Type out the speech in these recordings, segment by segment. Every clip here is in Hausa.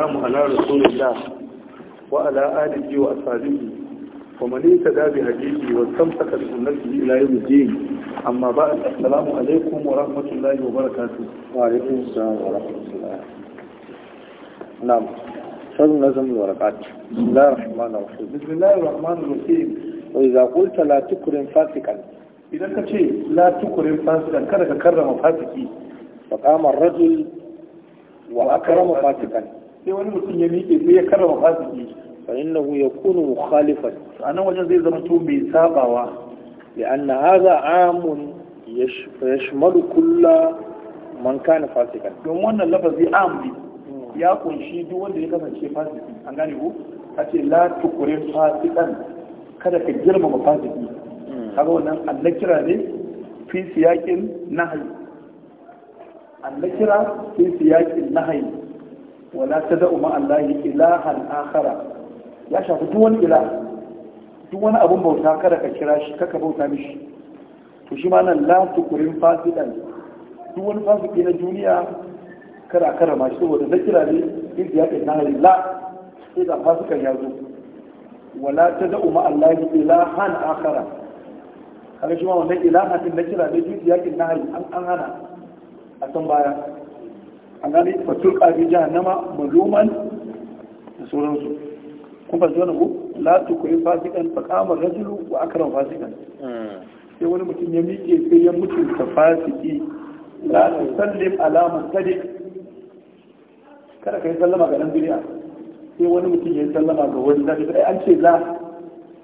السلام على رسول الله وعلى آله وأصحابه ومن اهتدى بهديه واستمسك بسنته إلى يوم الدين أما بعد السلام عليكم ورحمة الله وبركاته وعليكم السلام ورحمة الله نعم شر نظم الورقات بسم الله الرحمن الرحيم بسم الله الرحمن الرحيم وإذا قلت لا تكرم فاسقا إذا كنت لا تكرم فاسقا كذا كرم فاسقي فقام الرجل وأكرم فاسقا sai wani mutum ya miƙe sai ya karrama fasiki fa innahu yakunu mukhalifan a nan wajen zai zama to mai sabawa anna hadha Amun yashmalu kulla man kana fasikan. don wannan lafazi am ya kunshi duk wanda ya kasance fasiki an gane ko kace la tukure fasikan kada ka girmama fasiki hmm. kaga wannan annakira ne fi siyakin nahyi annakira fi siyakin nahyi wala ta da'u ma'allahi ilahan akhara ya shafi duk wani ila abun bauta kada ka kira shi kaka bauta mishi to ma nan la tukurin fasidan duk wani na duniya kada a karama shi saboda na kira ne in ya kai na hari la sai da fasikan ya wala ta da'u ma'allahi ilahan shi ma na kira ne na an hana a san baya an gane fatul ƙari jahannama maluman da sauransu kun fasi wani ku la tukuri fasikan fakamar rajulu wa akaran fasikan sai wani mutum ya miƙe sai ya mutu ta fasiki la ta sallim alamun sadiq kada ka yi sallama ga nan duniya sai wani mutum ya yi sallama ga wani zafi sai an ce la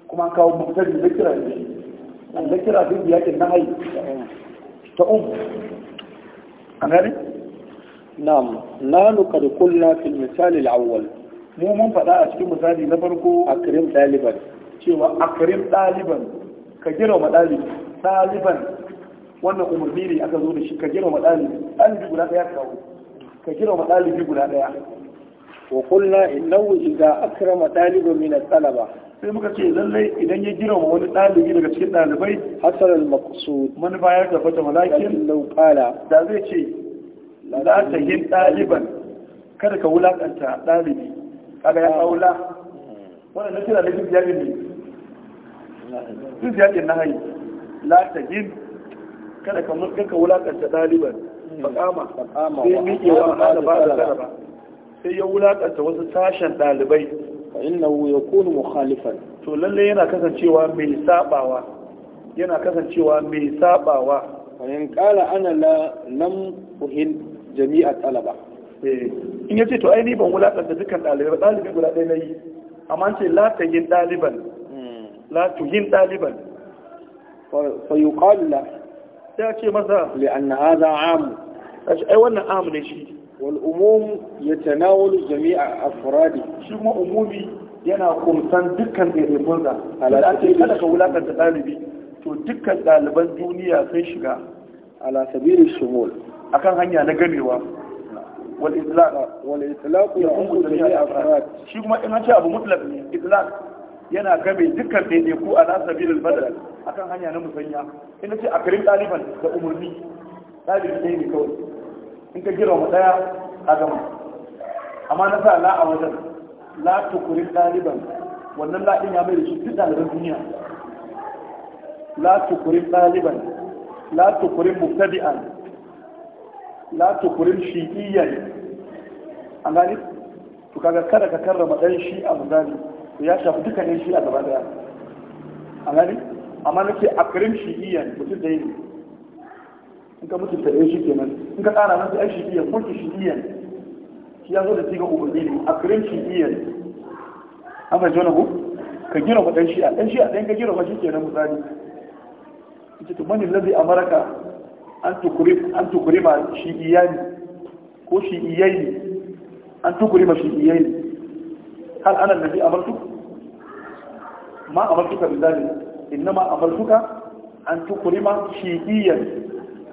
kuma an kawo mutane zakira da shi an zakira duk yakin na hayi ta um an na'am nanu qad qulna fil misal al awwal mu mun faɗa a cikin misali na farko akrim ɗaliban cewa akrim ɗaliban ka girma ɗalibi ɗaliban wannan umarni ne aka zo da shi ka girma ɗalibi ɗalibi guda ɗaya kawo ka girma ɗalibi guda ɗaya wa kulna innahu idza akrama ɗaliban min al-talaba sai muka ce lallai idan ya girma wani ɗalibi daga cikin ɗalibai hasal al-maqsud manufa ya tabbata malakin law qala da zai ce la ta yi ɗaliban kada ka wulaƙanta ɗalibi kaga ya aula la wannan na kira da jin ziyarin ne jin ziyarin na hanyar. la ta yi kada ka mulka wulaƙanta ɗaliban bakama sai miƙewa ma da ba da zaraba sai ya wulaƙanta wasu sashen ɗalibai fa innahu yakunu mukhalifan to lalle yana kasancewa mai sabawa yana kasancewa mai sabawa wa in qala ana la lam uhin jami'a talaba in yace to ai ni ban wulakanta dukkan ɗalibai ɗalibai guda ɗaya na yi amma ce la ta yin ɗaliban la tu yin ɗaliban fa yuqalu la ya ce masa li anna hadha am ai wannan am ne shi wal umum yatanawalu jami'a afradi shi kuma umumi yana kumsan dukkan ɗaiɗaikun sa ala ce kada ka wulakanta ɗalibi to dukkan ɗaliban duniya sun shiga ala sabiri shumul akan hanya na gamewa wal islaq wal islaq ya ummu jami'a afrad shi kuma in an ce abu mutlaq ne islaq yana game dukkan ku ala sabilil badal akan hanya na musanya in ce akrim daliban da umurni dalibi dai ne kawai in ka jira mu daya a gama amma na sa la a wajen la tukurin taliban wannan la din ya mai shi duk daliban duniya la tukurin taliban la tukurin mubtadi'an la tukurin iyayi an gani to kaga kada ka karrama dan shi a misali to ya shafi dukkanin shi a gaba daya an gani amma nake shi iyayi mutum da yi in ka mutunta ɗaya shi kenan in ka tsara masa ai shi'iyyan mulki shi'iyyan shi ya zo da siga A ne shi shi'iyyan an fahimci jona ku ka gina wa dan a dan a dan ka gina wa shi kenan misali ita to mani lazi amaraka أن تكرم شيئيان هو شيئيين أن تكرم شيئيين هل أنا الذي أمرتك؟ ما أمرتك بذلك إنما أمرتك أن تكرم شيئيا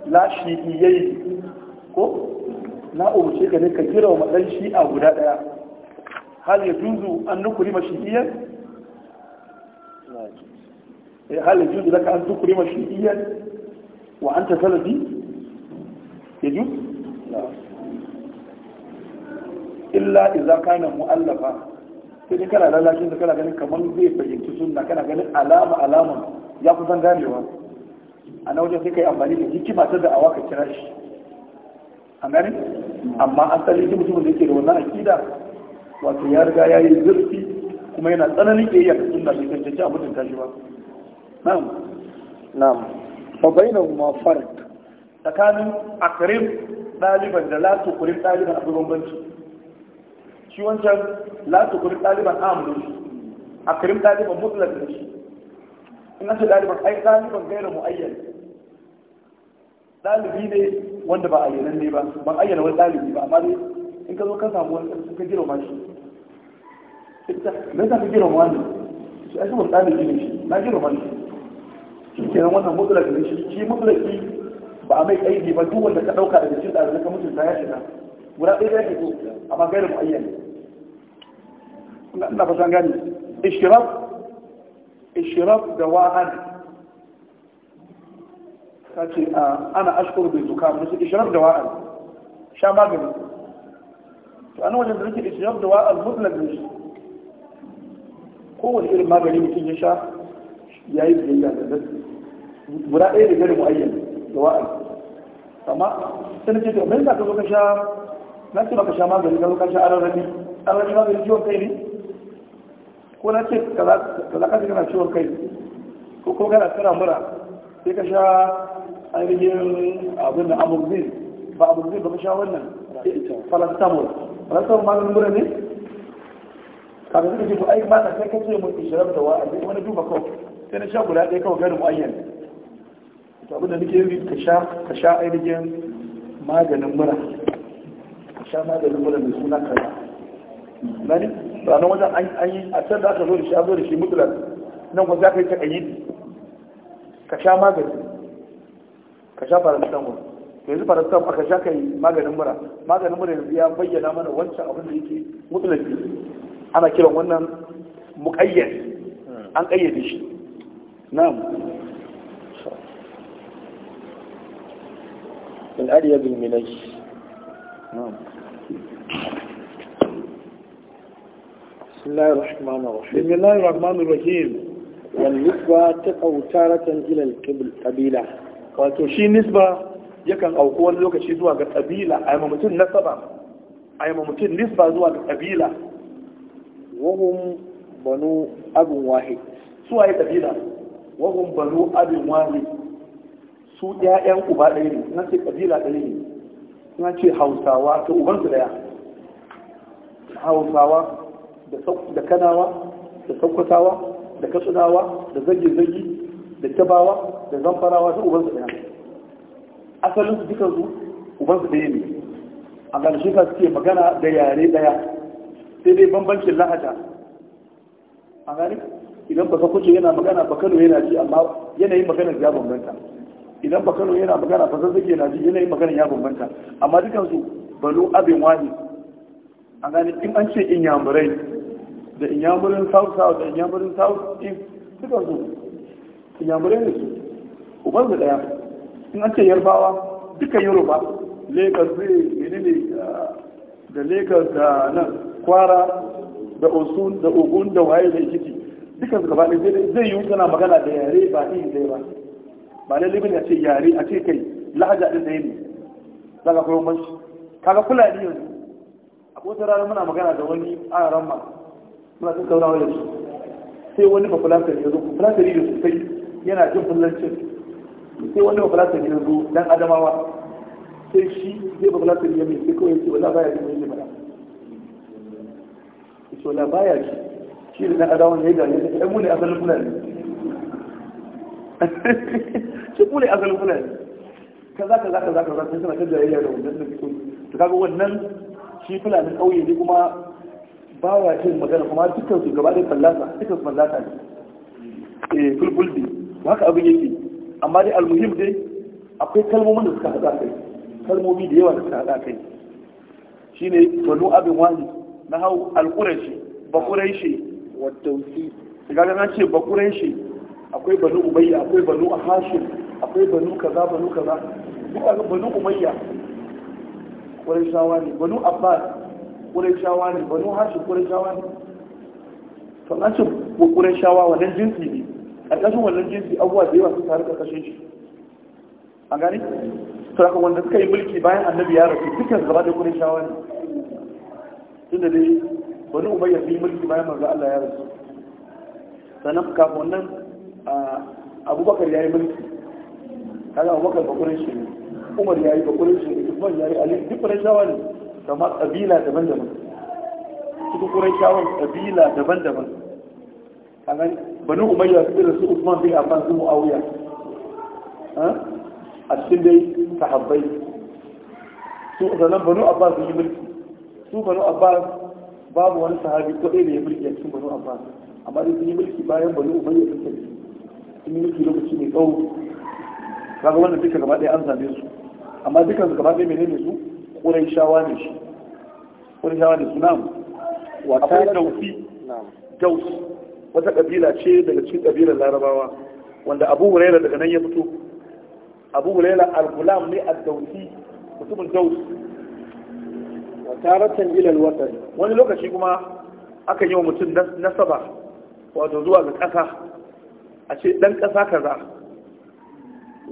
لا شيئيين هو لا أمشيك أن يكثير وما لن شيئا ولا لا هل يجوز أن نكرم شيئيا؟ إيه، هل يجوز لك أن تكرم شيئيا؟ wa anta salafi yaju illa idza kana mu'allafa sai dai kana lalashin da kana ganin kamar zai fahimci sunna kana ganin alama alama ya fi kusan ganewa a na wajen sai kai amfani da hikima ta da awa ka kira shi an gane amma an asali duk mutumin da yake da wannan akida wato ya riga ya yi zurfi kuma yana tsananin ƙiyayya ga sunna bai cancanci a mutunta shi ba na'am na'am fa ma farq tsakanin akrim ɗaliban da la tuqrim daliban akwai bambanci shi wancan ɗaliban tuqrim daliban shi, akrim ɗaliban mutlaq ne shi in ce ɗaliban ai daliban gairu muayyan dalibi ne wanda ba ayyanan ne ba ban ayyana wani ɗalibi ba amma dai in ka zo ka samu wani ka jira ma shi ita me yasa ka jira wani shi ai saboda dalibi ne shi na jira ma shi shi ke wannan mutulaki ne shi shi mutulaki ba a mai aiki ba duk wanda ka ɗauka daga cikin ɗalibai ka mutunta ya shiga guda ɗaya da yake so amma mu mu'ayyani ina fasa gani ishiraf ishiraf da wa'an ta ce ana ashkuru bai zuka mu su ishiraf da wa'an sha magani to a an wajen da nake ishiraf da wa'an mutlak ne kowane irin magani mutum ya sha ya yi biyayya da nasu guda ɗaya da gari mu'ayyan da wa'ayi amma sai ce to mai za ka zo ka sha na ce maka sha magani ka zo ka sha ararrami ararrami magani ciwon kai ne ko na ce ka za ka kana ciwon kai ko ko kana tsira mura sai ka sha ainihin abin da amurzin ba amurzin ba ka sha wannan falastamol falastamol maganin mura ne kafin suka ce ba ai ma na sai ka ce mun ishirar da wa'azi wani duba kawai sai na sha guda ɗaya kawai gani mu'ayyan to abin da nake yi ka sha ka sha ainihin maganin mura ka sha maganin mura mai suna kaza nani ranar wajen an yi a can da aka zo da shi zo da shi mutulat nan kuma za ka yi ta kayi ka sha magani ka sha paracetamol to yanzu paracetamol aka sha kai maganin mura maganin mura yanzu ya bayyana mana wancan abin da yake mutulat ana kiran wannan muƙayyad an ƙayyade shi نعم من أريد المني نعم بسم الله الرحمن الرحيم بسم الله الرحمن الرحيم والنسبة تقو تارة إلى القبيلة wato shi nisba yakan auku wani lokaci zuwa ga ƙabila a yamma mutum nasaba a yamma nisba zuwa ga ƙabila wahum banu abin su wahun banu abin wani su ƴaƴan uba ɗaya ne na ce kabila ɗaya ne na ce hausawa ta su ɗaya hausawa da kanawa da sakkwatawa da katsinawa da zage-zage da tabawa da zamfarawa ta su ɗaya asalin su dukansu su ɗaya ne a ƙarshe ka suke magana da yare ɗaya sai dai bambancin lahaja a gani idan baka kuce yana magana ba kano yana ji amma yanayin maganar ya bambanta idan ba kano yana magana ba zazzage yana ji yanayin maganar ya bambanta amma dukansu balo abin wani a gani in an ce in yamurai da inyamurin south south da inyamurin south east dukansu inyamurai ne su uban su daya in an ce yarbawa duka yoruba lagos ne ah, da lagos da nan kwara da osun da ogun da waye da ikiti dukkan su gaba ɗaya zai yi tana magana da yare ba yi zai ba ba ne limin a ce yare a ce kai lahaja ɗin yi ne za ka kuma mashi kaga ne yanzu a kowace rana muna magana da wani a ramma muna tattaunawa wa yanzu sai wani ba yanzu ya yanzu fulatari da sosai yana jin fulancin sai wani ba yanzu ya dan adamawa sai shi zai ba yanzu sai kawai ya ce wala baya jin wani limana ya baya ji shi da ɗan adawan ya yi da ya ce mu ne asalin fulani shi mu ne asalin fulani kaza kaza kaza kaza sai suna ta jayayya da wannan da fito to kaga wannan shi fulani kauye ne kuma ba wa cin magana kuma dukkan su gaba da fallasa dukkan su fallasa ne eh fulful ne haka abin yake amma dai almuhim dai akwai kalmomin da suka hada kai kalmomi da yawa da suka hada kai shine banu abin wani na hau alƙurashi baƙurashi wadauki tausi na ce bakuren shi akwai banu umayya akwai banu hashim akwai banu kaza banu kaza duk banu umayya shawa ne banu abbas shawa ne banu hashim shawa ne to nan ce shawa wannan jinsi ne A karkashin wannan jinsi abuwa da yawa sun tarika kashe shi a gani Saka wanda suka yi mulki bayan annabi ya rasu dukkan gaba da shawa ne tunda dai bani umayya sun yi mulki bayan manzo Allah ya rasu sannan kafin nan abubakar ya yi mulki kaga abubakar bakurin shi ne umar ya yi bakurin shi ne usman ya yi ali duk kurashawa ne kamar ƙabila daban-daban cikin kurashawan ƙabila daban-daban kaga bani umayya sun rasu usman bin affan su mu'awiya a cikin dai sahabbai su sannan bani abbas sun yi mulki su bani abbas babu wani sahabi ko ɗaya da ya mulki a cikin banu abbas amma da sun yi mulki bayan banu umar ya tafi sun yi mulki lokaci mai tsawo kaga wannan duka gaba ɗaya an same su amma dukan su gaba ɗaya menene su ƙurai shawa ne shi ƙurai shawa ne su nam akwai dausi daus wata ƙabila ce daga cikin ƙabilar larabawa wanda abu huraira daga nan ya fito abu huraira al-gulam ne a dausi mutumin daus taratan ilal watan wani lokaci kuma aka yi wa mutum nasaba wato zuwa ga ƙasa a ce ɗan ƙasa kaza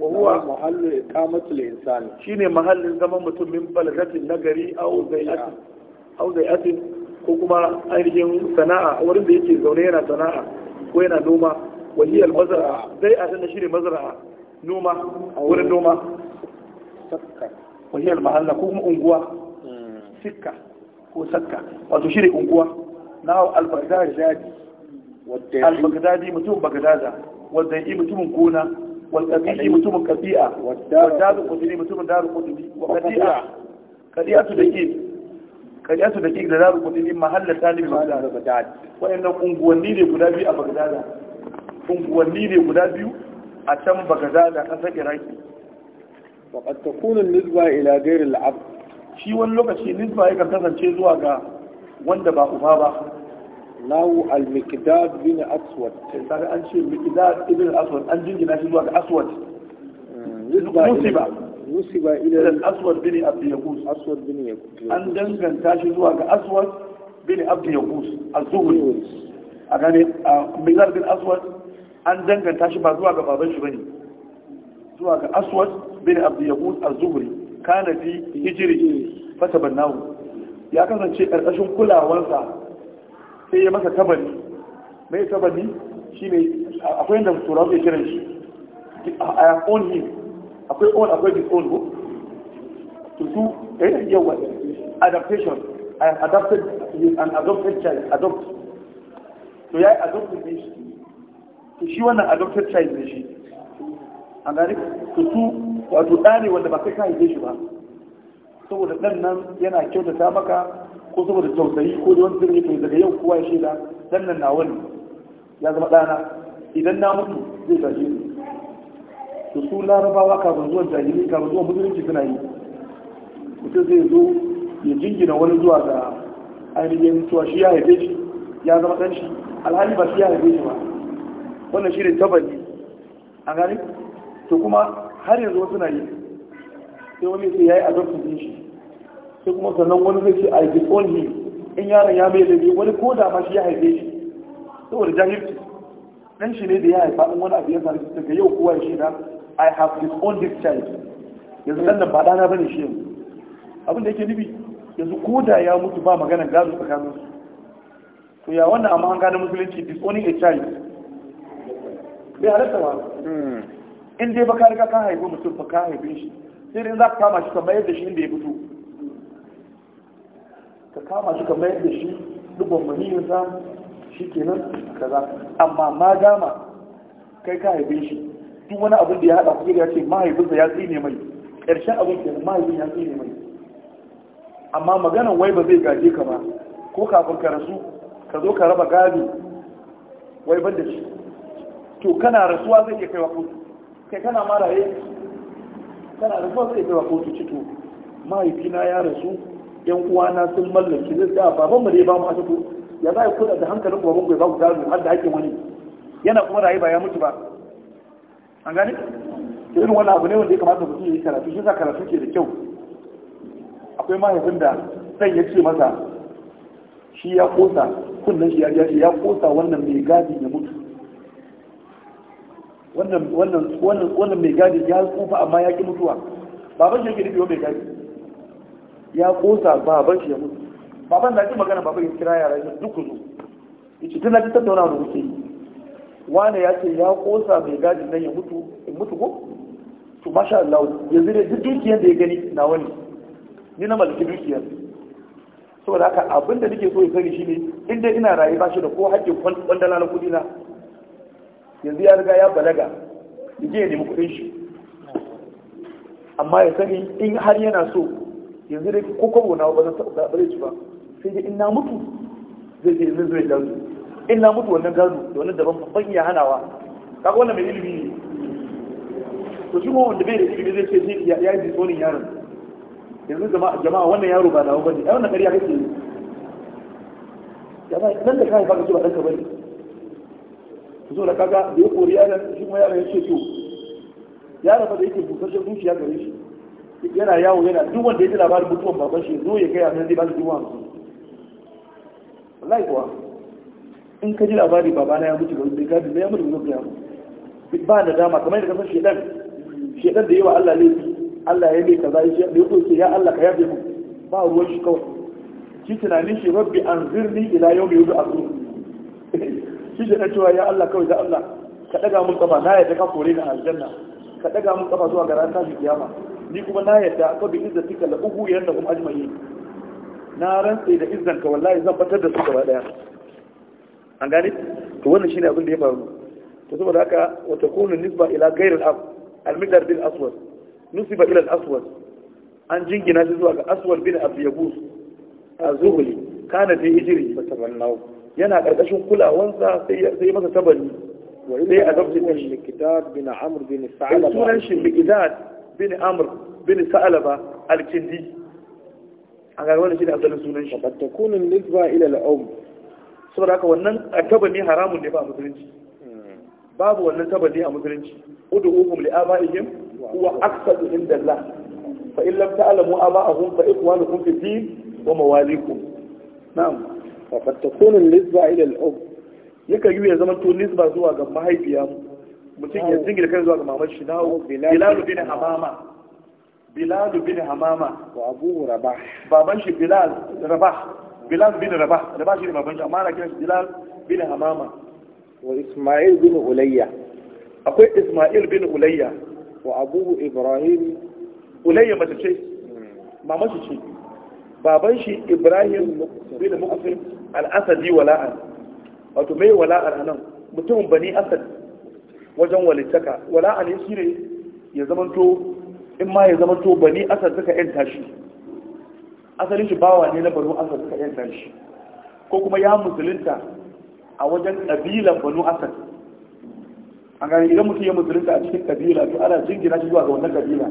wa huwa mahallu iqamatul insani shine mahallin zaman mutum min balagatin nagari au zai'ati au zai'ati ko kuma ainihin sana'a wurin da yake zaune yana sana'a ko yana noma waliyal mazara zai a zai'a shine mazra'a noma wurin noma wa mahalla ko kuma unguwa sika ko sakka wato shi ne unguwa na al-baghdadi al-baghdadi mutum baghdada wadda mutumin gona wadda mutumin kabi'a wadda da kudini mutumin daru kudini wa kadi'a kadi'atu da kid da kid da daru kudini mahallar talibi baghdadi wayannan unguwanni ne guda biyu a baghdada unguwanni ne guda biyu a can baghdada kasar iraki وقد تكون النسبة إلى غير العبد shi wani lokaci nisba yakan kasance zuwa ga wanda ba uba ba lahu al-miqdad bin aswad sai eh, an ce miqdad ibn aswad an jingina shi zuwa ga aswad musiba hmm, musiba ila al-aswad bin abd yaqus aswad bin yaqus an danganta shi zuwa ga aswad bin abd yaqus az-zuhri a gane miqdad bin aswad an danganta shi ba zuwa ga baban shi bane zuwa ga aswad bin abd yaqus az-zuhri kana fi hijiri fata bannawo ya kasance ƙarƙashin kulawarsa sai ya masa tabani mai tabani shi ne akwai yadda turawa ke kiran shi i have own him akwai own akwai his own book to do eh yi adaptation i have adapted his an adopted child adopt to ya yi adopted ne shi to shi wannan adopted child ne shi an gani to su wato ɗa ne wanda ba kai ka haife shi ba saboda ɗan nan yana kyautata maka ko saboda tausayi ko da wani zirgin to daga yau kowa ya shaida ɗan nan na wani. ya zama ɗana idan na mutu zai gaje ni to su larabawa kafin zuwan jahili kafin zuwan musulunci suna yi mutum zai zo ya jingina wani zuwa ga ainihin cewa shi ya haife shi ya zama ɗan shi alhali ba shi ya haife shi ba wannan shi ne tabari a gani to kuma har yanzu wasu na yi sai wani sai ya yi adoption din shi sai kuma sannan wani zai ce i disown him in yaron ya mai laifi wani ko da ma shi ya haife shi saboda jahilci dan shi ne da ya haifa in wani abu ya sami daga yau kowa shi na i have disowned this child yanzu dan nan ba dana bane shi yanzu abin da yake nufi yanzu ko da ya mutu ba magana, gado tsakanin su to ya wannan amma an gane musulunci disowning a child bai halatta ba hmm. in dai baka riga ka haifi mutum ba ka haife shi sai dai za ka kama shi ka mayar da shi inda ya fito ka kama shi ka mayar da shi dubban maniyin sa shi kenan kaza amma ma dama kai ka haife shi duk wani abin da ya haɗa ku ya ce mahaifinsa ya tsine mai ƙarshen abin da mahaifin ya tsine mai amma maganan wai ba zai gaje ka ba ko kafin ka rasu ka zo ka raba gado wai ban da shi to kana rasuwa zai iya kaiwa kotu kai kana maraye kana da kuma zai zama kotu cito mahaifina ya rasu yan uwana sun mallaki zai da baban mu ne ba mu asibiti ya za ku da hankalin baban ku ba ku gano har da wani yana kuma raye ba ya mutu ba an gane irin wani abu ne wanda ya kamata mutum ya yi karatu shi sa karatu ke da kyau akwai mahaifin da sai ya ce masa shi ya kosa kunnan shi ya ya kosa wannan mai gadi ya mutu wannan mai gadi ya tsufa amma ya ki mutuwa baban shi yake nufi mai gadi ya kosa baban shi ya mutu baban na ji magana baban ya kira yara ya duk zo yace tana ta tattauna da wuce wane ya ce ya kosa mai gadi nan ya mutu in mutu ko to masha Allah ya zire duk dukiyar da ya gani na wani ni na mallaki dukiyar saboda haka abinda nake so ya sani shine inda ina rayu ba shi da ko hakkin kwandala na kudi na yanzu ya riga ya balaga yaje ya nemi kudin shi amma ya sani in har yana so yanzu dai ko kwabo na ba zai shi ba sai dai in na mutu zai je zai zai gado in na mutu wannan gazu da wani daban babban iya hanawa kaga wannan mai ilimi ne to shi kuma wanda bai da ilimi zai ce shi ya yi jisonin yaron yanzu jama'a wannan yaro ba nawa bane ai wannan ƙarya kake yi jama'a nan da kai ba ka ce ba ɗanka bari? so da kaga da ya kori yaran shi kuma yaran ya ce to yaran fa da yake bukatar zuciya gare shi yana yawo yana duk wanda yake labarin mutuwan baban shi zo ya kai annan zai ba shi duwan wallahi kuwa in ka ji labari na ya mutu bai gadi bai mutu bai gadi ba da dama kamar yadda kasar shedan shedan da yawa Allah ne Allah ya mai kaza ya ce ya Allah ka yafe mu ba ruwan shi kawai shi tunanin shi rabbi zirni ila yau da asuru shi da cewa ya Allah kawai da Allah ka daga mun kafa na yadda ka kore ni aljanna ka daga mun kafa zuwa garan ranar tashi kiyama ni kuma na yadda ka bi izzar tika la uhu yanda kuma ajma'i na rantsa da izzan ka wallahi zan batar da su gaba daya an gani to wannan shine abin da ya faru to saboda haka wa takunu nisba ila ghayr al-ab al-midar bil aswad nusiba ila al-aswad an jingina shi zuwa ga aswad bin abi yabus az-zuhli kana fi ijri fatamannahu yana ƙarƙashin kulawansa sai ya masa tabari sai a zabta shi bin amr bin sa'alaba sunan shi mikdad bin Amur bin sa'alaba al-kindi an ga wannan shine asalin sunan shi bat takunu nisba ila al-um saboda haka wannan tabani haramun ne ba a musulunci hmm. babu wannan tabani a musulunci Udu ud'uhum li abaihim huwa aqsadu inda Allah fa in lam ta'lamu aba'ahum fa ikwanukum fi din wa mawalikum na'am faƙar ta kunin lisba ila al'ub yaka yi ya zama to lisba zuwa ga mahaifiya mutum ya jingina kai zuwa ga mamar shi na bilalu bin hamama bilalu bin hamama wa abu rabah baban shi bilal rabah bilal bin rabah rabah shi ne baban shi amma ana kiran shi bilal bin hamama wa isma'il bin ulayya akwai isma'il bin ulayya wa abuhu ibrahim ulayya mace ce hmm. mamashi ce baban shi ibrahim bin muqsim al-asadi wala'an wato mai wala'an nan mutumin bani asad wajen walittaka wala'an ya shine ya zamanto in ma ya zamanto bani asad suka yanta shi asalin shi bawa ne na banu asad suka yanta shi ko kuma ya musulunta a wajen kabilan banu asad an gani idan mutum ya musulunta a cikin kabila to ana jingina shi zuwa ga wannan kabila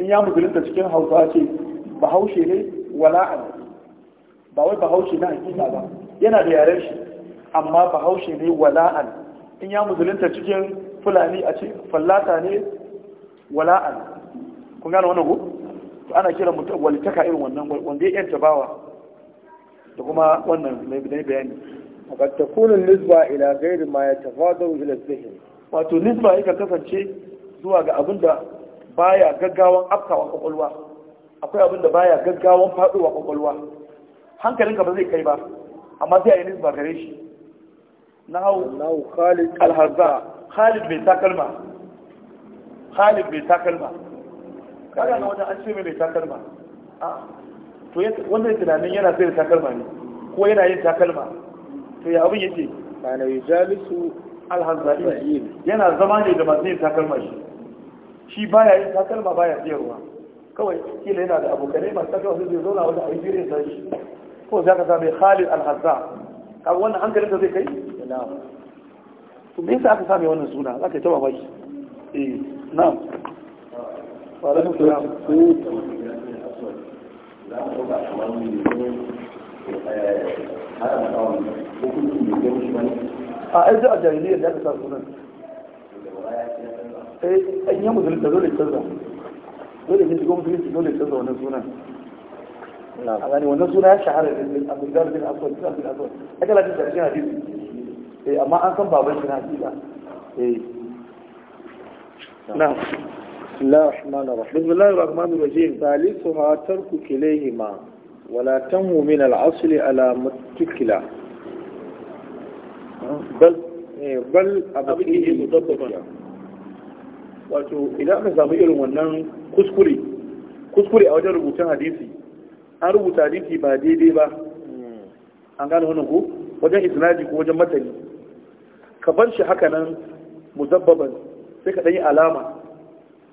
in ya musulunta cikin hausa ce bahaushe ne wala'an ba wai bahaushe na hakika ba yana da yaren shi amma bahaushe ne wala'an in ya musulunta cikin fulani a ce fallata ne wala'an kun gane wannan ko ana kira mutum walitaka irin wannan wanda ya yanta bawa da kuma wannan mai bayani وقد ila gairi ma ya tafa da إلى zihin wato nisba yakan kasance zuwa ga abin da baya gaggawan afkawa kwakwalwa akwai abin da baya gaggawan faɗowa kwakwalwa hankalinka ba zai kai ba amma zai yi nisba gare shi na hau khalid alharza khalid mai takalma khalid mai takalma kada na wajen an ce mai takalma to wanda tunanin yana zai takalma ne ko yana yin takalma to ya abin yake kana jalisu alharza yana zama ne da masu yin takalma shi shi baya yin takalma baya tsayarwa kawai kila yana da abokanai masu tafiya su zai zauna wajen aijirin sa shi ko za ka sami khalid al-hazza kaga wannan hankalin da zai kai to me yasa aka sami wannan suna za ka yi ta mamaki eh na'am wa alaikum salam a ai za a jahiliyar da aka sa sunan eh an yi musulun da zo da canza dole ne shigo musulunci dole canza wannan sunan a gani wannan suna ya shahara da abdulgar bin aswad bin bin aswad a kala jin karshen hadisi eh amma an san baban shi na hakika eh na'am بسم الله الرحمن الرحيم بسم الله الرحمن الرحيم ثالثها ترك كليهما ولا تنمو من العصل على متكلا بل بل أبقيه مضبطا wato idan aka samu irin wannan kuskure kuskure a wajen rubutun hadisi an rubuta hadisi ba daidai ba hmm. an gane wannan ko wajen isnadi ko wajen matani ka bar shi haka nan muzabbaban sai ka ɗanyi alama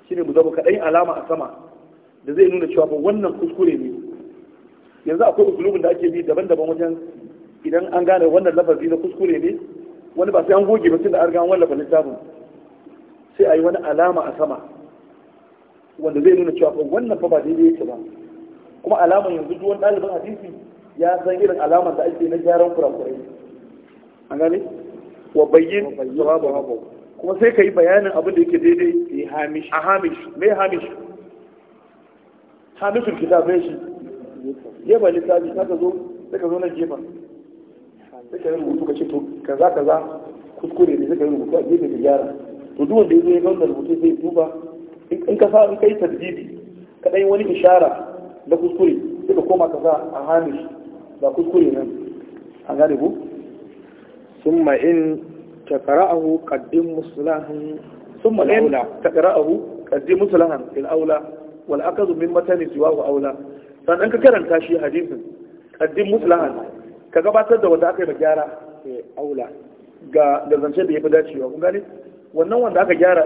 shine muzabba ka ɗanyi alama a sama da zai nuna cewa ba wannan kuskure ne yanzu akwai usulubin da ake bi daban-daban wajen idan an gane wannan lafazi na kuskure ne wani ba sai an goge ba sai da an gane wannan littafin sai a yi wani alama a sama wanda zai nuna cewa oh, wannan fa ba daidai yake ba kuma alaman yanzu duk wani ɗalibin hadisi ya san irin alama da ake na gyaran kurakurai an gane wa bayyin kuma sai ka yi bayanin abin da yake daidai a hamish mai hamish hamishin kitabai shi gefen littafi ta ka zo sai ka zo na jefa sai ka yi rubutu ka ce to kaza kaza kuskure ne sai ka yi rubutu a gefe da gyara to duk wanda ya zo ya ga wannan rubutu zai duba in ka sa in kai tadbibi ka dai wani ishara da kuskure sai ka koma ka sa a hamish da kuskure nan A gane ku summa in takra'ahu qaddim muslahan summa laula takra'ahu qaddim muslahan il aula wal akadu min matani siwahu aula sannan ka karanta shi hadisin qaddim muslahan ka gabatar da wanda aka yi gyara eh, aula ga da zance da ya fi dacewa kun gane wannan wanda aka gyara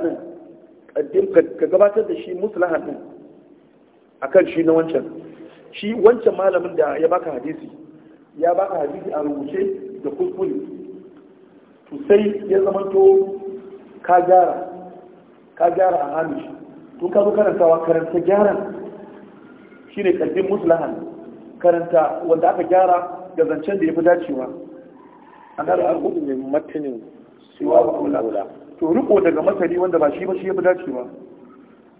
din ka gabatar da shi muslahan din kan shi na wancan shi wancan malamin da ya baka hadisi ya baka hadisi a rubuce da kuskure to sai ya to ka gyara ka gyara a hannun shi tun ka zo karantawa karanta gyaran shi ne ƙarfin muslahan karanta wanda aka gyara da zancen da ya fi dacewa an da alƙudu ne matanin siwa wa aula to riko daga masani wanda ba shi ba shi ya fi ba,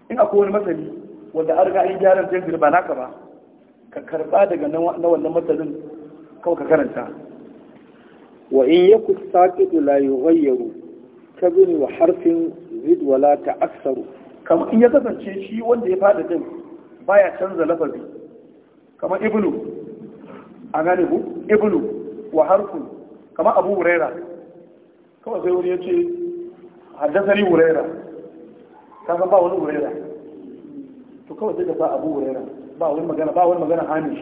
in akwai wani masani wanda an riga an gyaran jirgin ba naka ba ka karba daga na wannan masanin kawai ka karanta wa in yaku saqitu la ta kabin wa harfin zidwala ta aksaru kamar in ya kasance shi wanda ya fada din baya canza lafazi kamar ibnu a gane ku ibnu wa harfin kamar abu huraira kawai sai wani ya ce haddasani wurera. ka san ba wani wurera. to kawai sai ka sa abu wurera. ba wani magana ba wani magana hamish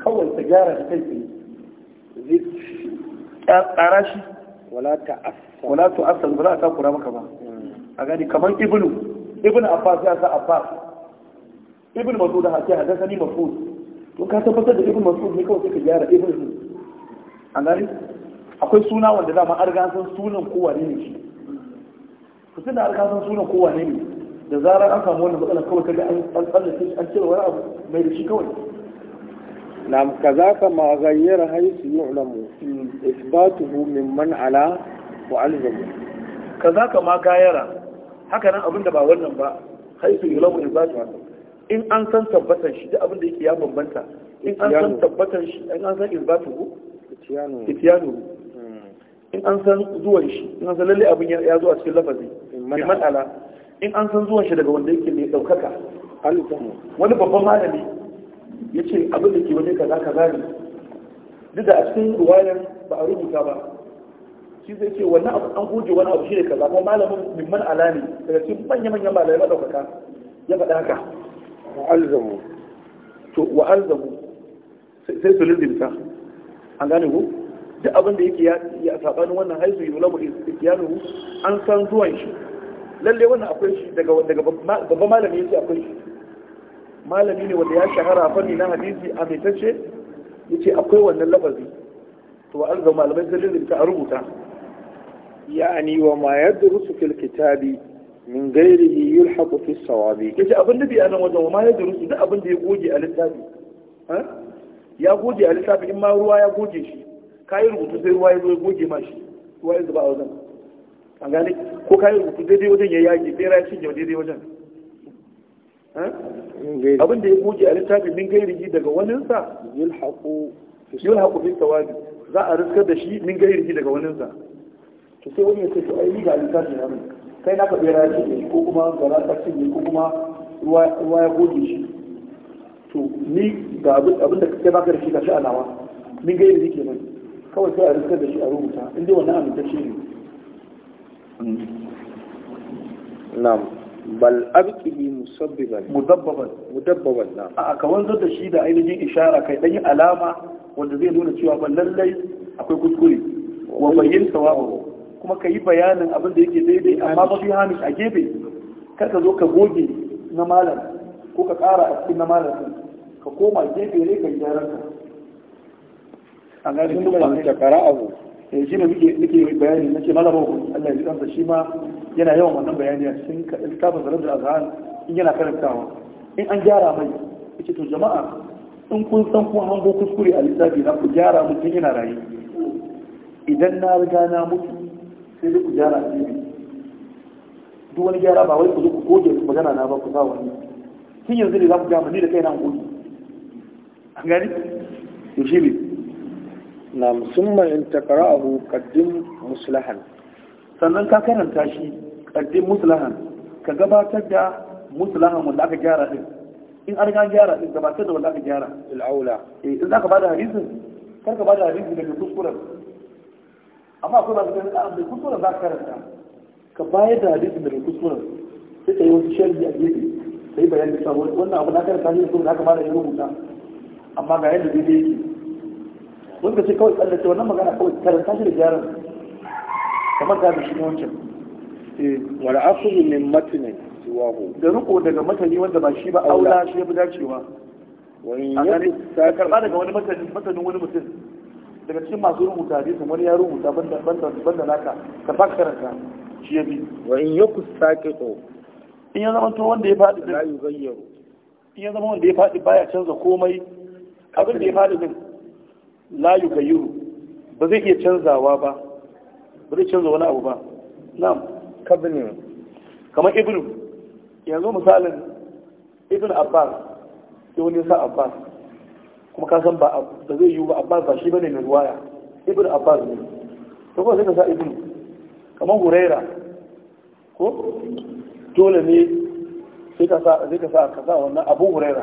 kawai ta gyara da kai tsaye tsara shi wala ta ta'assa wala ta'assa ba za a takura maka ba a gani kamar ibnu ibnu abbas ya sa abbas ibnu masud ha ce haddasani masud to ka tabbatar da ibnu masud ne kawai sai ka gyara ibnu an gani akwai suna wanda dama an riga san sunan kowa ne shi mutum da alƙasa suna kowa ne da zarar an samu wani matsala kawai kaga an shi an cire wani abu mai da shi kawai na kaza ka ma gayyar haisu yi ulamu min man ala wa kaza ka ma gayyara abin da ba wannan ba haisu yi ulamu in an san tabbatar shi abin da yake ya bambanta in an san tabbatar shi in an san hmm. in an san shi in an san lalle abin ya zo a cikin lafazi mai matsala in an san zuwan shi daga wanda yake mai ɗaukaka wani babban malami ya ce abin da ke wani kaza kaza ne duk da a cikin ruwayar ba a rubuta ba shi zai ce wani abu an goge wani abu shi ne kaza kuma malamin min man'ala ne daga cikin manya-manyan malamai maɗaukaka ya faɗa haka alzamu to wa alzamu sai su lizimta an gane ku duk abin da yake ya saɓanin wannan haisu yi ya istiyanuhu an san zuwan shi lalle wannan akwai shi daga daga babban malami ya ce akwai shi malami ne wanda ya shahara fanni na hadisi a metace ce akwai wannan lafazi to an ga malamai sun rubuta a rubuta Ya'ani, wa ma yadrusu fil kitabi min ghairihi yulhaqu fi sawabi ce abin da biya nan wajen ma rusu duk abin da ya goge a littafi ya goge a littafi in ma ruwa ya goge shi kayi rubutu sai ruwa ya zo ya goge ma shi ruwa ya zuba a wajen an gane ko kayi rubutu daidai wajen ya yage bera ya cinye daidai wajen eh? abin da ya goge a littafin min gairigi daga wannan waninsa yulhaqu fi tawabi za a riskar da shi min gairigi daga wannan sa to sai wani ya ce to ai ni ga littafin na kai naka bera ya cinye ko kuma gara ta cinye ko kuma ruwa ya goge shi to ni ga abin da kai baka da shi ka shi alawa min gairigi kenan kawai sai a riskar da shi a rubuta inda wannan amintacce ne na'am bal abqihi musabbiban mudabbaban mudabbaban na. a ka wanzar da shi da ainihin ishara kai dan alama wanda zai nuna cewa ban lallai akwai kuskure wa bayyin sawabu kuma ka yi bayanin abin da yake daidai amma ba fi hamish a gefe kar ka zo ka goge na malam ko ka ƙara a cikin na malam ka koma gefe ne ka gyara gyaran ka a garin da ta kara abu eh shi ne muke bayani na ce malamu Allah ya ji kansa shi ma yana yawan wannan bayani a cikin kafin zarar da azhar in yana karantawa in an gyara mai yace to jama'a in kun san kun hango kuskure a lissafi na ku gyara mu tun yana rayu idan na riga na mutu sai ku gyara a duk wani gyara ba wai ku zo ku goge magana na ba ku sa wani tun yanzu ne za ku gyara ni da kai na an gani to shi ne na musamman in ta abu qaddim musulahan. sannan ka karanta shi qaddim musulahan. ka gabatar da musulahan wanda aka gyara din in an ga gyara din gabatar da wanda aka gyara al'aula eh in ka bada hadisin kar ka bada hadisin daga kuskuren amma akwai masu ganin da abin kuskuren za ka karanta ka bayar da hadisin daga kuskuren sai ka yi wasu sharhi a gefe sai bayani cewa wannan abu na karanta shi ne saboda haka bada ya rubuta amma ga yadda daidai yake wani ka ce kawai tsallace wannan magana kawai karanta shi da gyaran kamar ta shi ne wancan eh, wani asubu ne matinin siwahu da riko daga matani wanda ba shi ba aula shi ya fi dacewa a karɓa daga wani matanin wani mutum daga cikin masu rubuta hadisin wani ya rubuta banda naka ka fa karanta shi ya bi wa in yaku saqiqu in ya zama to wanda ya faɗi la in ya zama wanda ya faɗi baya canza komai abin da ya faɗi din la yughayyiru ba zai iya canzawa ba ba zai canza wani abu ba na'am kabinin kamar ibnu yanzu misalin ibnu abbas yau wani sa abbas kuma ka ba da zai yiwu ba abbas ba shi bane mai ruwaya ibnu abbas ne ta kuma sai ka sa ibnu kamar huraira ko dole ne sai ka sa ka sa wannan abu huraira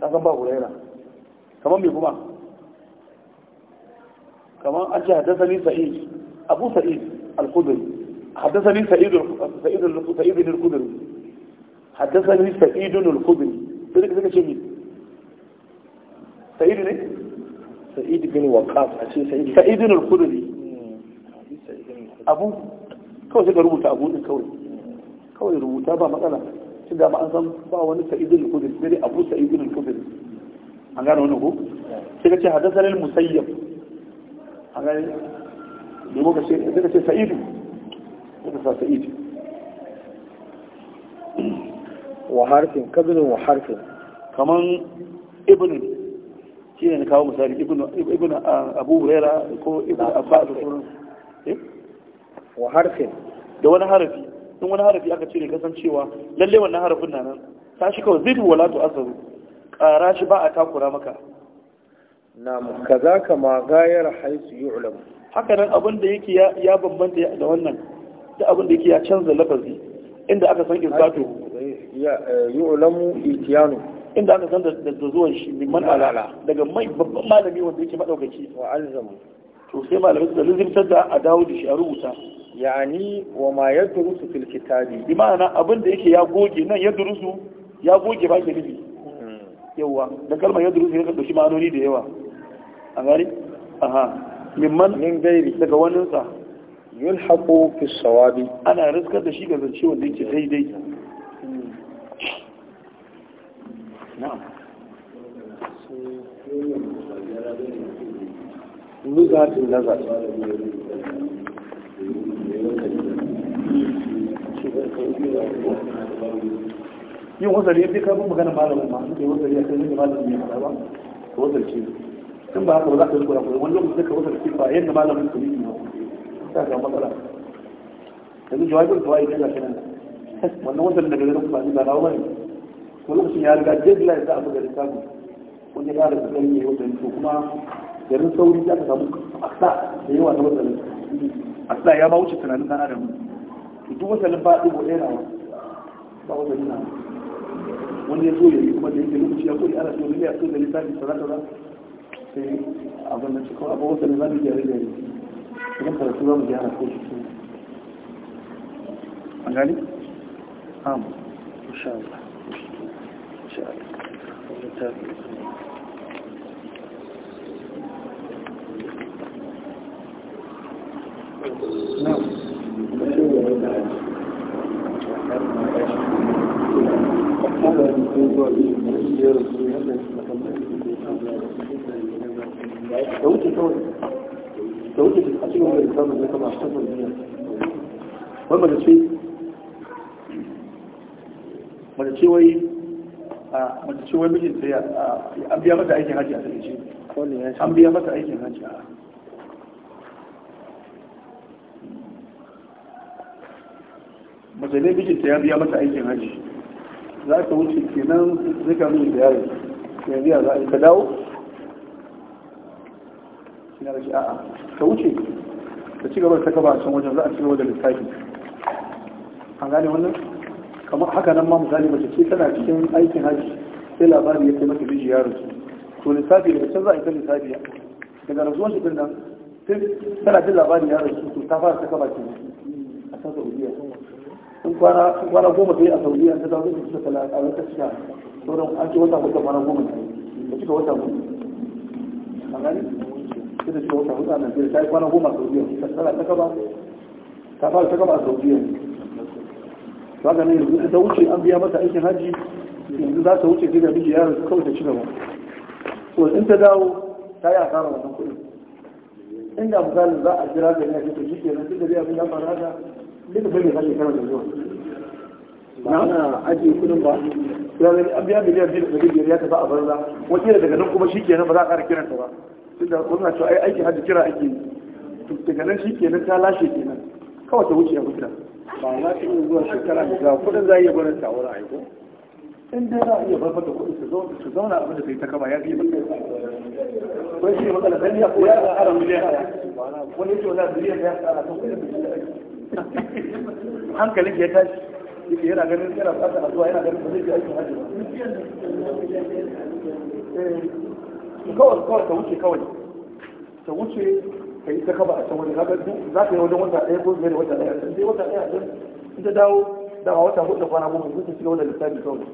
ka ba huraira kamar me kuma كمان أجي حدثني سعيد أبو سعيد الخدري حدثني سعيد سعيد سعيد الخدري حدثني سعيد الخدري ذلك ذلك شيء سعيد إيه سعيد بن وقاص أبو كوزة روتا أبو الكوري كوزة روتا ما مثلا إذا ما أنزل باون سعيد الخدري أبو سعيد الخدري أنا أقول له هو حدثني المسيب a ka shi ne kawo ibn ah, abu ko ibn abbas eh? wa harfin da wani harafi in wani harafi aka cire kasancewa lalle wannan harafin na nan ta shi kawai zidu wala tu asaru ƙara shi ba a takura maka za kaza kama gayar haisu yu'lam haka nan abin da yake ya bambanta da wannan da abin da yake ya canza lafazi inda aka san yi eh, yu'lamu itiyanu inda aka san da zuwan shi min man alala daga mai babban malami wanda yake maɗaukaci. wa alzamu to sai malamai da lizimtar da a dawo da shi a rubuta yani wa ma yadrusu fil kitabi bi ma'ana abin da yake ya goge nan rusu, ya goge ba ke nufi hmm. yawa da kalmar rusu, ya ka shi ma'anoni da yawa a gari aha mimman min gairi daga waninsa yulhaqu fi sawabi ana riskar da shi ga zance wanda yake daidai yin wasari ya fi bi magana malamin ma suke wasari a kan yadda malamin ya fara ba wasarci in ba haka ba za ka yi kura kura wani lokaci ka wata cikin ba yadda ba malamin su yi ba ta ga matsala yanzu jawabin kawai idan ga shi nan wannan wanda daga garin ba ni ba rawa ne to lokacin ya riga deadline za a buga da littafi wanda ya riga kan yi wata to kuma garin sauri ya ka samu aksa da yawa na wata aksa ya ba wuce tunanin dan adam duk wata limfa ɗigo ɗaya na ba wata nuna wani ya so ya yi kuma da yake lokaci ya kuri ala so ne ya so da littafi sana kaza sai abin da cikin abubuwan da za mu gyara gyara idan karatu za mu gyara ko shi su an gani? am insha Allah insha Allah No. Thank you. da wuce kawai da wuce a cikin wani kama a mace ce wai a wai mijin an biya mata aikin hajji a sai an biya mata aikin hajji a mace ne mijin ta ya biya mata aikin hajji za ka wuce kenan zai ka da yaro yanzu yanzu in ka dawo ina da a'a ka wuce ka ci gaba da saka ba can wajen za a ci gaba da lissafi an gane wannan kamar haka nan ma misali mace ce tana cikin aikin haji sai labari ya kai mata biji ya rasu to lissafi daga can za a yi ta lissafi daga rasuwar shi din nan tana jin labari ya rasu to ta fara saka baki a can saudiya sun kwana goma ta yi a saudiya ta zaune da suka talata a wata shekara sauran an ce wata hudu kwana goma ne da cika wata hudu a gani sai da cika wata hudu a najeriya ta yi kwana goma sau biyar ta tsara ta gaba ta fara ta gaba sau biyar to haka yanzu ta wuce an biya mata aikin hajji yanzu za ta wuce sai da yaron su kawai ta ci gaba to in ta dawo ta yi asara wannan kuɗin inda misalin za a jira da ne a cikin shi kenan duk da biya abin da fara haka duk da bai zai karanta zuwa na ajiye kudin ba ya gani an biya miliyan biyu da biyar ya tafi a banza wakila daga nan kuma shikenan ba za a ƙara kiran ta ba tunda wannan cewa ai aiki hajji kira ake yi daga nan shikenan ta lashe kenan kawai ta wuce ya fita ba na ta iya zuwa shekara da zuwa kudin za a iya barin ta wani aiko in dai za a iya bar mata kuɗi su zauna abin da sai ta kama ya biya mata wani shi ne matsala dan ya koya da ara miliyan wani yake wala miliyan ya tsara ta kuɗin da hankalin ke tashi yake yana ganin yana a zuwa yana ganin ba zai je aikin hajji ba eh, kawai kawai ka wuce kawai ka wuce ka yi ta kaba a can wajen haka za ka yi wajen wata ɗaya ko da wata ɗaya sai wata ɗaya wata hudu kwana goma shiga lissafi kawai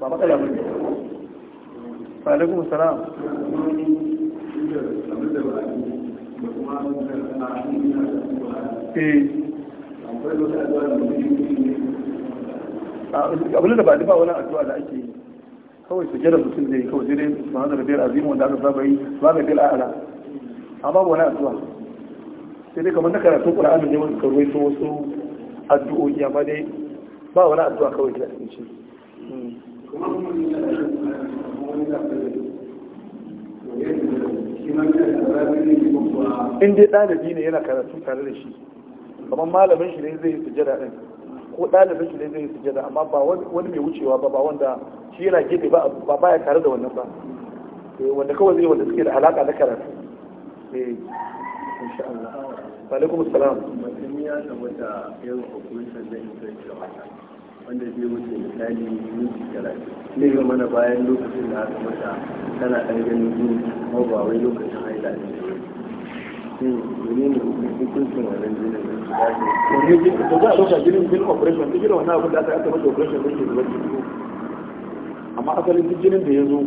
ba salam eh abin da ba ba wani addu'a da ake yi kawai su jira mutum zai kawai zai su hana rabiyar azimu wanda aka saba yi ba mai bil a'ala amma ba wani addu'a sai dai kamar na karatun qur'ani ne wani karwai to wasu addu'o'i amma dai ba wani addu'a kawai da ake ci in dai ɗalibi ne yana karatu tare da shi kamar malamin shi ne zai yi sujada din ko ɗalibin shi ne zai yi sujada amma ba wani mai wucewa ba ba wanda shi yana gefe ba ba baya tare da wannan ba eh, wanda kawai zai wanda suke da alaka da karatu eh insha Allah wa alaikum assalam mutum ya tabbata yau hukuncin da yake wanda zai wuce misali minti talatin zai ga mana bayan lokacin da aka mata tana ɗan ganin zuwa ba wai lokacin haila ne da a ɗauka jinin jinin amma asalin duk jinin da ya zo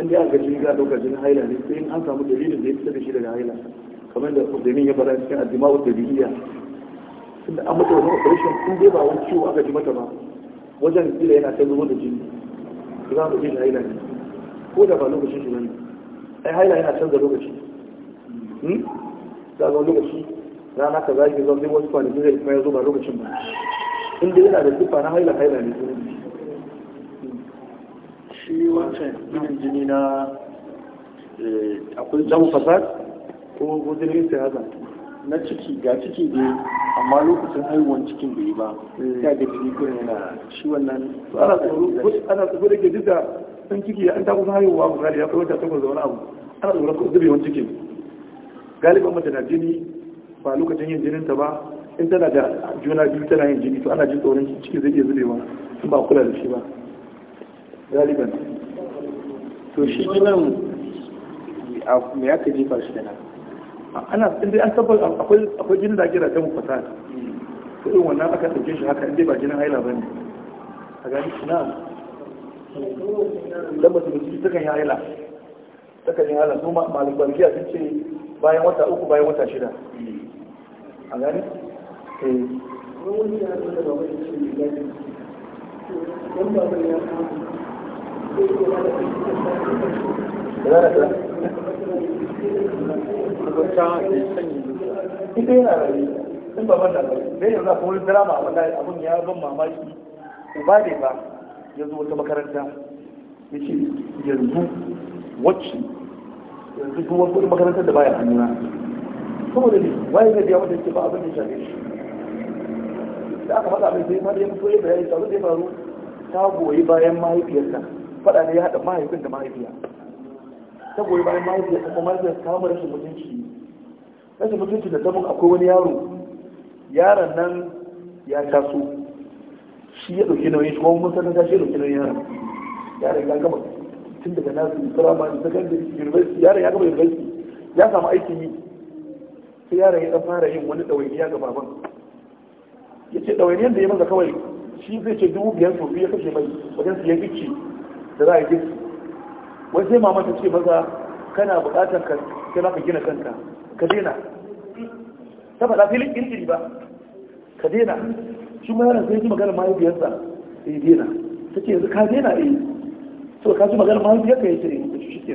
in dai aka jini za a jinin haila ne sai an samu dalilin da ya fita da shi daga haila kamar da Uthaymin ya fara cikin addima wata tabi'iyya tunda an mutu wani operation sun dai ba wani ciwo aka ji mata ba wajen kila yana ta zuwa da jini za a ɗauke shi haila ne ko da ba lokacin shi bane ai haila yana canza lokaci Hmm? za zo lokaci rana ka zagi zo zai wasu kwanaki zai kuma ya zo ba lokacin ba inda yana da siffa na haila haila ne shi wancan irin jini na eh, akwai jamu fasad ko gudunin siyasa na ciki ga ciki ne amma lokacin haihuwan cikin bai ba hmm. ya ga jini kun yana shi wannan ana tsoro ana tsoro da ke duka in ciki an ta kusa haihuwa misali ya kai wata takwas da wani abu ana tsoro ko zubewan cikin galiban mata na jini ba lokacin yin jininta ba in tana da juna biyu tana yin jini to ana jin tsoron ciki zai iya zubewa in ba kula da shi ba galiban to shi nan me aka jefa shi kenan ana in dai an tabbata akwai akwai jinin da ake rata mu fasad to irin wannan aka ɗauke shi haka in dai ba jinin haila ba ne. a gani na'am dan ba su suka yi haila kan yi haila su malikwanci sun ce bayan wata uku bayan wata shida a gani? Eh. ita yana da ya ban mamaki uba ne ba wata makaranta ya yanzu wacce yanzu duk wani kudin makarantar da baya hannuna saboda ne waye zai biya wanda ke ba abin da shafe shi da aka faɗa mai sai mariya mutu ya bayani abin da ya faru ta goyi bayan mahaifiyarta faɗa ne ya haɗa mahaifin da mahaifiya ta goyi bayan mahaifiyarta kuma mahaifiyarsa ta mu rashin mutunci rashin mutunci da samun akwai wani yaro yaron nan ya taso shi ya ɗauki nauyin shi kuma mun sanar da shi ya ɗauki nauyin yaron yaron ya gama tun daga nasu firamare secondary university yaron ya gaba university ya samu aikin yi sai yaron ya fara yin wani ɗawainiya ga baban ya ce ɗawainiyar da ya masa kawai shi zai ce dubu biyar sau biyu ya kashe mai wajen siyan gici da za a yi gici wai sai mama ta ce maza kana buƙatar ka sai ka gina kanka ka daina ta faɗa filin ƙirƙiri ba ka daina shi ma yaron sai ji maganar mahaifiyarsa ya eh, daina ta ce yanzu ka daina eh to ka ji maganar mahaifiyar ka yace ne eh, shi ke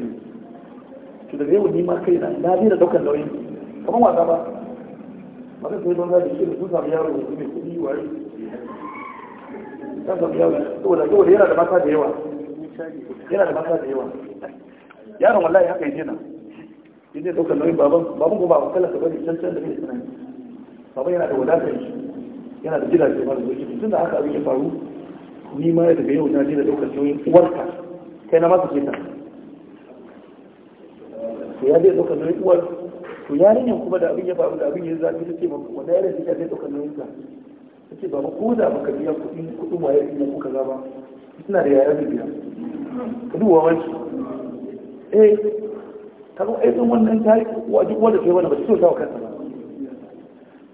to daga yau ni ma kai na na da daukar nauyin kamar wata ba masu sai don zai shi sun samu yaro da kuma kudi wari sun samu yaro saboda saboda yana da mata da yawa yana da mata da yawa yaron wallahi haka yake nan zai daukar nauyin baban baban kuma ba kala ka bari can can da mai tsanani baban yana da wadatar shi yana da gidaje mara zuwa tun da haka abin ya faru ni ma ya daga yau na daina daukar nauyin uwarka sai na masu kisa to ya zai ɗaukar nauyin uwar to yarinyan kuma da abin ya faru da abin ya zafi ta ce ma wanda yaron shi zai ɗaukar nauyin ka ta ce ba ma ko da baka biya kuɗin kuɗin ya ɗin kuka za ba suna da yaya zai biya kudu wa wanki eh ta zo aikin wannan tari wa duk wanda kai wani ba ta kyauta wa kansa ba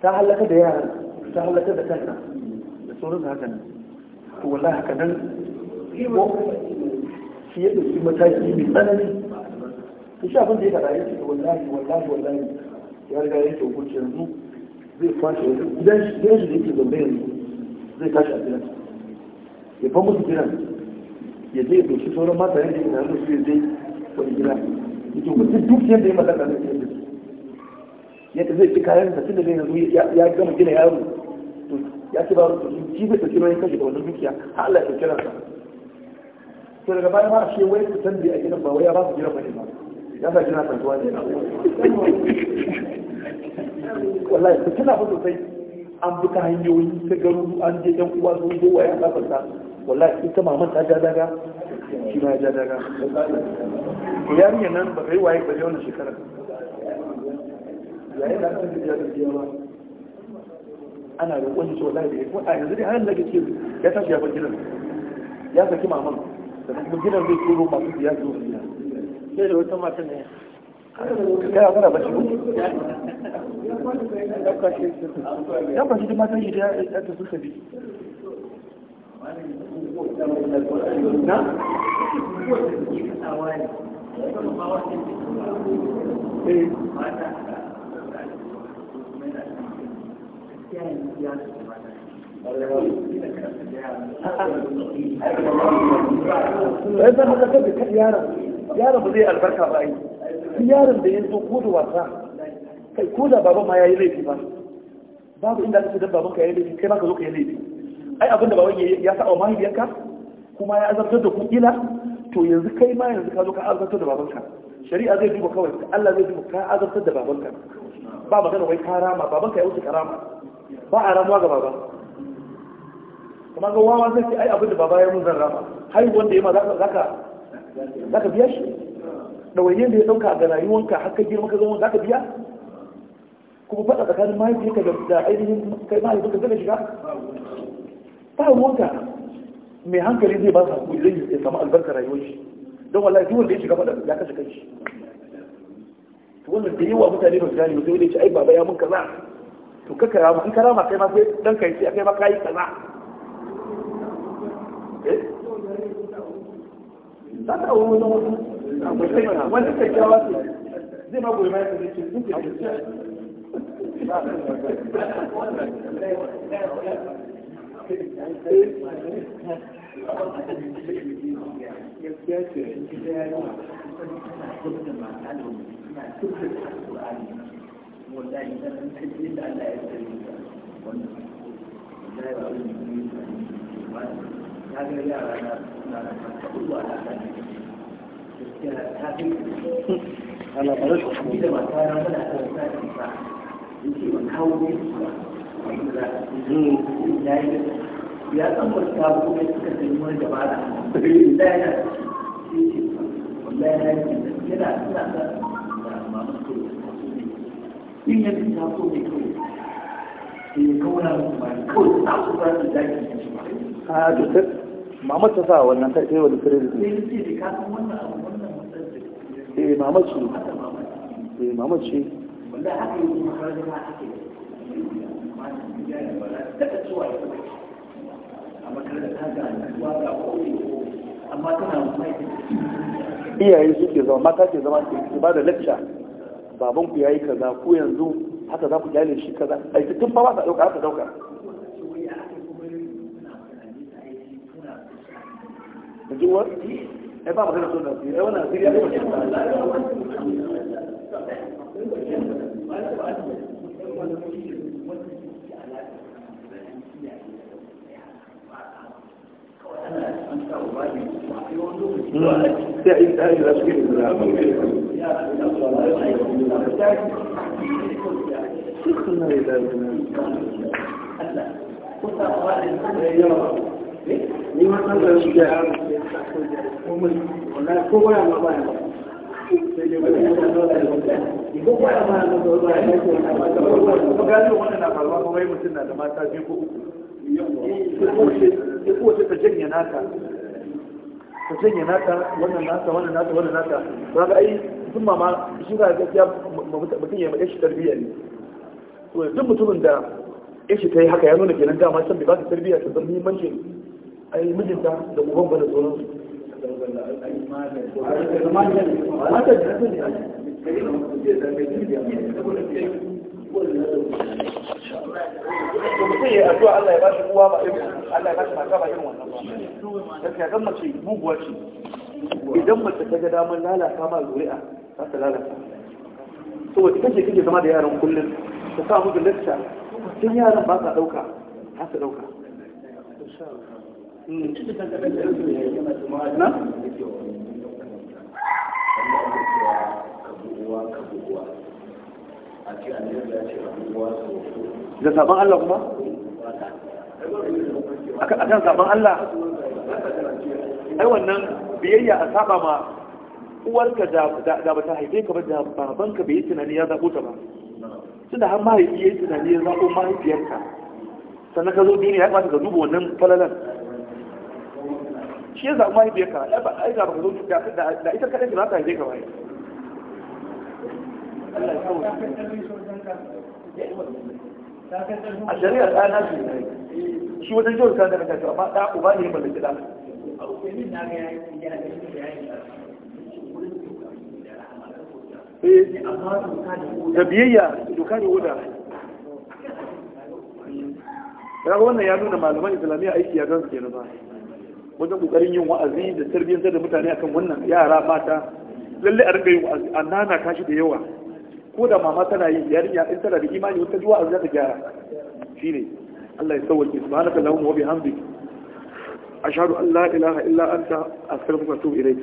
ta halaka da yaran ta halaka da kanka da sauran haka nan to wallahi haka nan shi ya ɗauki mataki mai tsanani ta sha abin da ya faɗa ya ce wallahi wallahi wallahi ya riga ya ce hukunci yanzu zai kwashe yanzu gidan shi da yake zambe yanzu zai tashi a gidan ya fa musu gidan ya je ya ɗauki sauran mata yadda ya nazo su ya zai wani gida ya ce mutum duk yadda ya da zai ce yanzu yadda zai ci kayan sa tunda zai yanzu ya gama gina yaro ya ce ba rufe ji zai ɗauki ya kashe da wannan dukiya har Allah ya ɗauki ransa to daga baya ma ashe wai su tambaye a gidan ba wai ya ba su gidan ba ne ba ya sa gina kasuwa ne wallahi su tana fa sosai an bi ta hanyoyi ta garu an je yan uwa sun zo wa ya kafarta wallahi ita maman ta ja daga shi ma ya ja daga yarinyar nan ba kai waye bari wannan shekara yayin da aka ji ya ba ana roƙon shi wallahi da ya kuma a yanzu dai har lage ce ya tashi ya bar gidan ya saki maman sannan kuma gidan zai masu biya su biya sai da wata mata ne kai ya kwashi da da ya ta na? Eh. sai zan da kan yaron yaron ba zai albarka ba ai yaron da yanzu ko da wasa kai ko da baban ma ya yi laifi ba babu inda ka dan baban ka yi laifi kai ma ka zo ka yi laifi ai abinda baban ya sa wa mahaifiyanka kuma ya azabtar da ku ila to yanzu kai ma yanzu ka zo ka azabtar da babanka shari'a zai duba kawai Allah zai duba ka azabtar da babanka ba magana wai ka rama babanka ya wuce karama ba a ramuwa ga babanka kuma ga wawa zai ai abin da baba ya mun zan rama har wanda ya ma za ka biya shi ɗawainiyar da ya ɗauka ga rayuwanka har ka girma ka zama za ka biya kuma faɗa tsakanin mahaifiyarka da ainihin kai mahaifinka zai shiga ta ruwanka mai hankali zai ba su hakuri zai ya samu albarkar rayuwar shi don wallahi duk wanda ya shiga faɗa ya kashe kai shi to wannan da yawa mutane ba su gane sai wanda ya ce ai baba ya mun kaza to ka karama in karama kai ma sai dan kai sai kai ma kai kaza Eh? za ta auri wajen wasu ce zai goyi da ke Thank you. kaga yara na suna da kuwa da ta ne ta fi ana bare su kuma da mata na muna da ta ne ba yake ba kawo ne ya yi ya san ba ta ba kuma suka san wani da ba da da yana wallahi yana yana suna da mamu ko in ya fita ko ne kawai ke kauna musu ba kawai ta su za su zaki a mamar ta sa wannan ta kai wani kredit ne eh mamar ce eh mamar ce eh, wallahi haka yi kuma zama ake iyaye suke zama mata ke zama ke ba da lacca babanku ya yi kaza ku yanzu haka za ku gyale shi kaza Aiki tun fa ba sa ɗauka haka ɗauka da duk wani ai ba magana so Najeriya ai wani Najeriya ne wajen sai in tsari da suke da zama Eh? ni ma da shi da ko baya ma baya ko baya ma na zo baya ne ko ga ni wannan na faruwa ko wai mutum na da mata biyu ko uku ko ce ta janye naka ta janye naka wannan naka wannan naka wannan naka ba ga ai sun mama shi ga gaskiya mutum ya maɗe shi tarbiyya ne to duk mutumin da ya shi ta yi haka ya nuna kenan dama san bai ba ta tarbiyya ta zama ai mijinta da uban ba da sauransu mutum ya addu'a Allah ya bashi uwa ba irin Allah ya bashi mata ba irin wannan ba gaskiya kan mace muguwa ce idan mace ta ga damar lalata ma zuri'a za ta lalata saboda kace kake zama da yaran kullum ta sa musu lecture tun yaran ba sa ɗauka, za su ɗauka. da saban Allah kuma? a kan saban Allah ai wannan biyayya a saba ma uwarka da ba ta haife ka ba da babanka bai yi tunani ya zaɓo ta ba tunda har mahaifi ya yi tunani ya zaɓo mahaifiyarka sannan ka zo duniya ya ɓata ka duba wannan falalan shi ya zaɓi mahaifiyarka ai ba ai ba ka zo da ita kaɗai ba ka je ka bai a shari'a ta na shi shi wajen jiwon ta da kashe amma ɗa uba ne mallaki ɗa eh, da biyayya doka ne wuda ya wannan ya nuna malaman islamiyya aiki ya gansu su ke ba wajen kokarin yin wa'azi da tarbiyyantar da mutane akan wannan yara mata lalle a rinka yin wa'azi a nana kashi da yawa ko da mama tana yi yarinya in tana da imani wata ji wa'azi za ta gyara shine Allah ya sauwake subhanaka allahumma wa bihamdika ashhadu an la ilaha illa anta astaghfiruka wa atubu ilayk